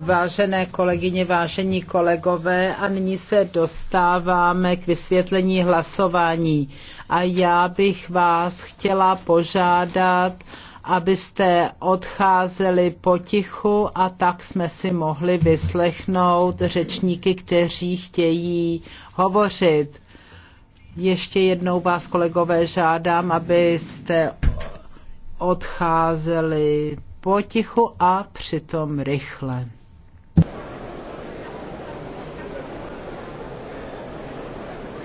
Vážené kolegyně, vážení kolegové, a nyní se dostáváme k vysvětlení hlasování. A já bych vás chtěla požádat, abyste odcházeli potichu a tak jsme si mohli vyslechnout řečníky, kteří chtějí hovořit. Ještě jednou vás, kolegové, žádám, abyste odcházeli potichu a přitom rychle.